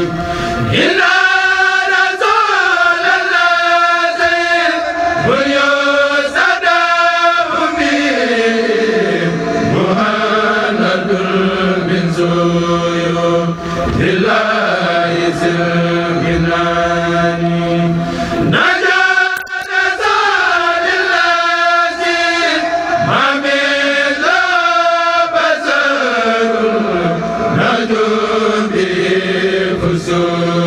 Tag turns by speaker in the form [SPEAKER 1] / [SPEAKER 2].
[SPEAKER 1] العالمين